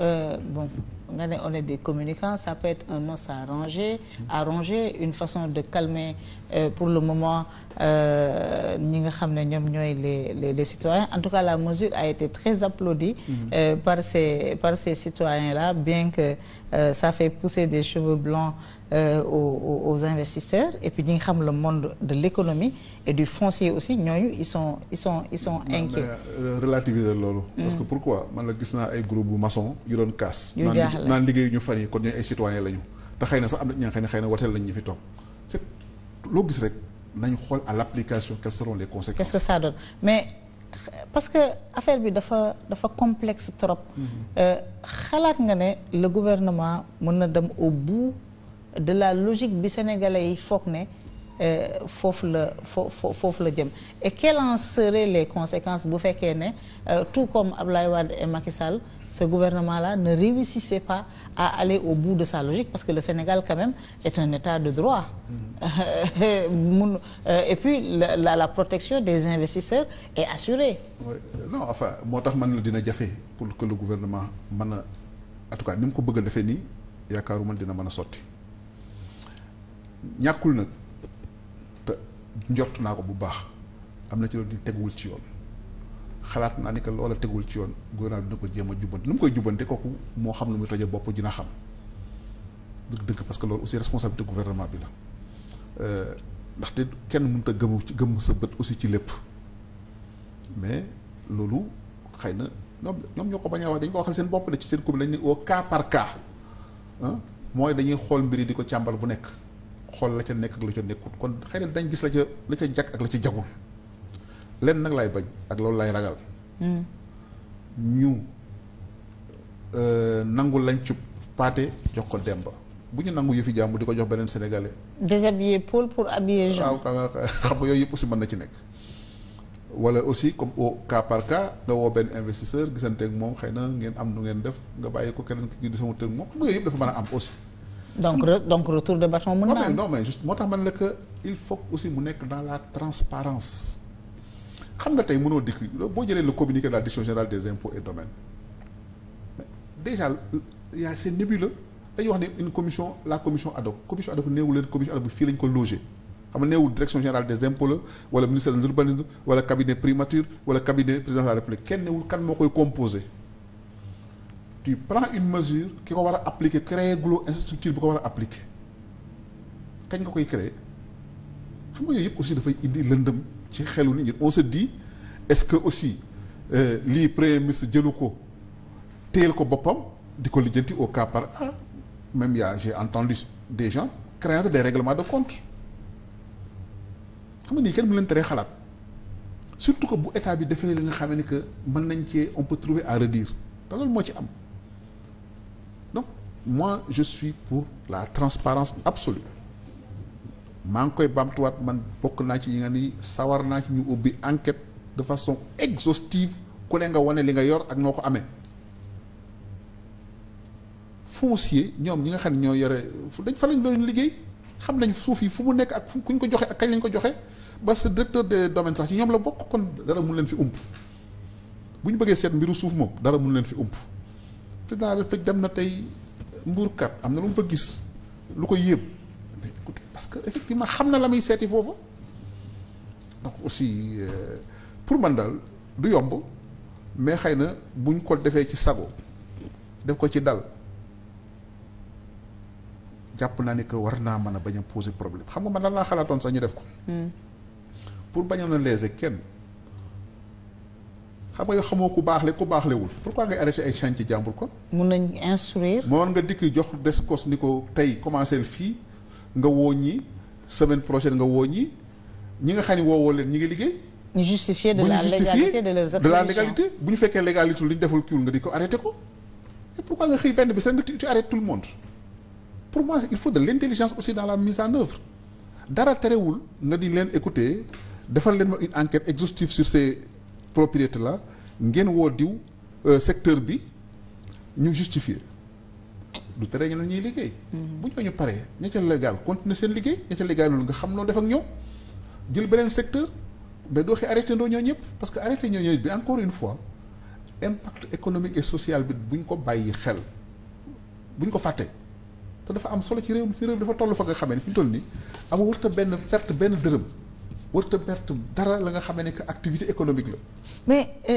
euh, bon nga ne on des communicants ça peut être un mot arrangé arrangé une façon de calmer euh, pour le moment euh, ñi nga xam ne ñoom ñooy les les les citoyens en tout cas la mesure a été très applaudie mm-hmm. euh, par ces par ces citoyens là bien que euh, ça fait pousser des cheveux blancs aux aux investisseurs et puis ñi nga xam le monde de l'économie et du foncier aussi ñooñu ils sont ils sont ils inquiets relativiser loolu parce que mm. pourquoi man la gis naa ay groupe bu yu doon kaas. yu jaaxle naan liggéeyu ñu fan yi kon ñooy ay citoyen lañu. te xëy na sax am na ñi nga xam ne xëy ñu fi toog c'est loo gis rek nañ xool à l'application quelles seront les conséquences. quest que ça donne mais parce que affaire bi dafa dafa complexe trop. Mm-hmm. Euh, xalaat nga ne le gouvernement mën na dem au bout de la logique bi sénégalais yi foog ne. Euh, foofu la foofu foofu la jëm et quelles en les conséquences bu fekkee ne euh, tout comme Abdoulaye Wade et Macky Sall ce gouvernement la ne réussissait pas à aller au bout de sa logique parce que le Sénégal quand même est un état de droit mm-hmm. mun euh, et puis la, la protection des investisseurs est assurée moo tax man la dina jafe pour que le gouvernement mën a en tout cas ni mu ko bëgg a defee nii yaakaaruma dina mën a sotti ñàkkul nag njort naa ko bu baax am na ci loolu di teguwul ci yoon xalaat naa ni que loola teguwul ci yoon gouvernement bi dina ko jéem a jubbante nu mu koy jubbante kooku moo xam lu muy toje bopp dina xam dëgg dëkk parce que loolu aussi responsabilité gouvernement bi la euh, ndaxte kenn mënut a gëmu ci gëmm sa aussi ci lépp mais loolu xëy na ñoom ñoom ñoo bañ a wax ko waxal seen bopp de ci seen commune dañ ne au cas par cas mooy dañuy xool mbir yi di ko càmbal bu nekk xool la ca nekk ak la ca nekkut kon xëy dañ gis la ca la ca jàkk ak la ca jagul lenn nag laay bañ ak loolu laay ragal hmm. ñu euh, nangul lañ ci paate jox ko Demba bu ñu nangu yëfi jàmm di ko jox beneen sénégalais. déshabiller Paul pour habiller Jean. waaw xam nga yooyu yëpp aussi mën na ci nekk. wala aussi comme au cas par cas nga woo benn investisseur gisanteeg moom xëy na ngeen am nu ngeen def nga bàyyi ko keneen ki gisanteeg moom xam nga yooyu yëpp dafa mën a am donc donc retour de bâton mën naa non mais moo tax man la que il faut aussi mu nekk dans la transparence xam nga tey mënoo dikk boo jëlee le communiqué de la direction générale des impôts et domaines mais déjà y a c'est nébuleux dañuy wax ne une commission la commission ad hoc commission ad hoc néewu leen commission ad hoc fii lañ ko logé xam nga direction générale des impôts la wala ministère de l'urbanisme wala cabinet primature wala cabinet président la république kenn néewul kan moo koy composé tu prends une mesure ki ko war a appliquer créer gulo infrastructure bi ko war a appliquer kañ nga koy créer xam nga yooyu yëpp aussi dafay indi lëndëm ci xelu nit ñi on se dit est-ce que aussi euh, lii premier ministre jëlu ko teel ko boppam di ko lijjanti au cas par cas même yaa en entendu des gens craindre des règlements de compte xam nga nii kenn mu leen tere xalaat surtout que bu état bi defee la nga xam ne que mën nañ ci on peut trouver à redire te loolu moo ci am mois je suis pour la transparence absolue maa ngi koy bamtuwaat man bokk naa ci ñi nga ni sawar naa ci ñu ubbi enquête de façon exhaustive ku ne nga wane li nga yor ak noo ko amee foncier ñoom ñi nga xam ne ñoo yore fu dañ fa lañ doon liggéey xam nañ suuf yi fu mu nekk ak fu kuñ ko joxe ak kañ lañ ko joxe ba sa directeur des domaines sax ci ñoom la bokk kon dara mun leen fi ump bu ñu bëggee seet mbiru suuf moom dara mun leen fi ump président république na tey mbuurkat am na lu mu fa gis lu ko yéem mais que effectivement xam na la muy seeti foofu donc aussi euh, pour man dal du yomb mais xëy na buñ ko defee ci sago def ko ci dal jàpp naa ne que war naa man a bañ a problème xam nga man lan laa xalaatoon sax ñu def ko. Hmm. pour bañ a léser kenn. xam nga yoo xamoo ku baax ku baaxlewul pourquoi ngay arrêté ay chantier jàmbur kon. mun nañ instruire. moo nga dikk jox DSCOS ni commencé fii nga woo ñi semaine prochaine nga woo ñi ñi nga xam ne woowoo leen ñi ngi liggéey. ñu justifier de la légalité bu ñu fekkee légalité lu ñu deful kiwul nga di ko arrêté ko. et pourquoi nga xëy benn bi sax nga tu arrêtes tout le monde pour moi il faut de l'intelligence aussi dans la mise en œuvre dara terewul nga di leen écouter defal leen ma une enquête exhaustive propriété la ngeen woo diw euh, secteur bi ñu justifier du tere ñeneen ñuy liggéey. Mm-hmm. bu ñooñu paree ña ca légal continuer seen liggéey ña ca nga xam noo def ak ñoom jël beneen secteur mais doo xi arrêté ndoo ñoo ñëpp parce que arrêté ñoo ñëpp bi encore une fois impact économique et sociale bi bu buñ ko bàyyi xel buñ ko fàtte te dafa am solo ci réew mi fi réew mi dafa toll fa nga xamee ne fi ñu toll nii amul wërta benn perte benn dërëm. warut a perte dara la nga xamee ne que activité économique la. mais. Euh,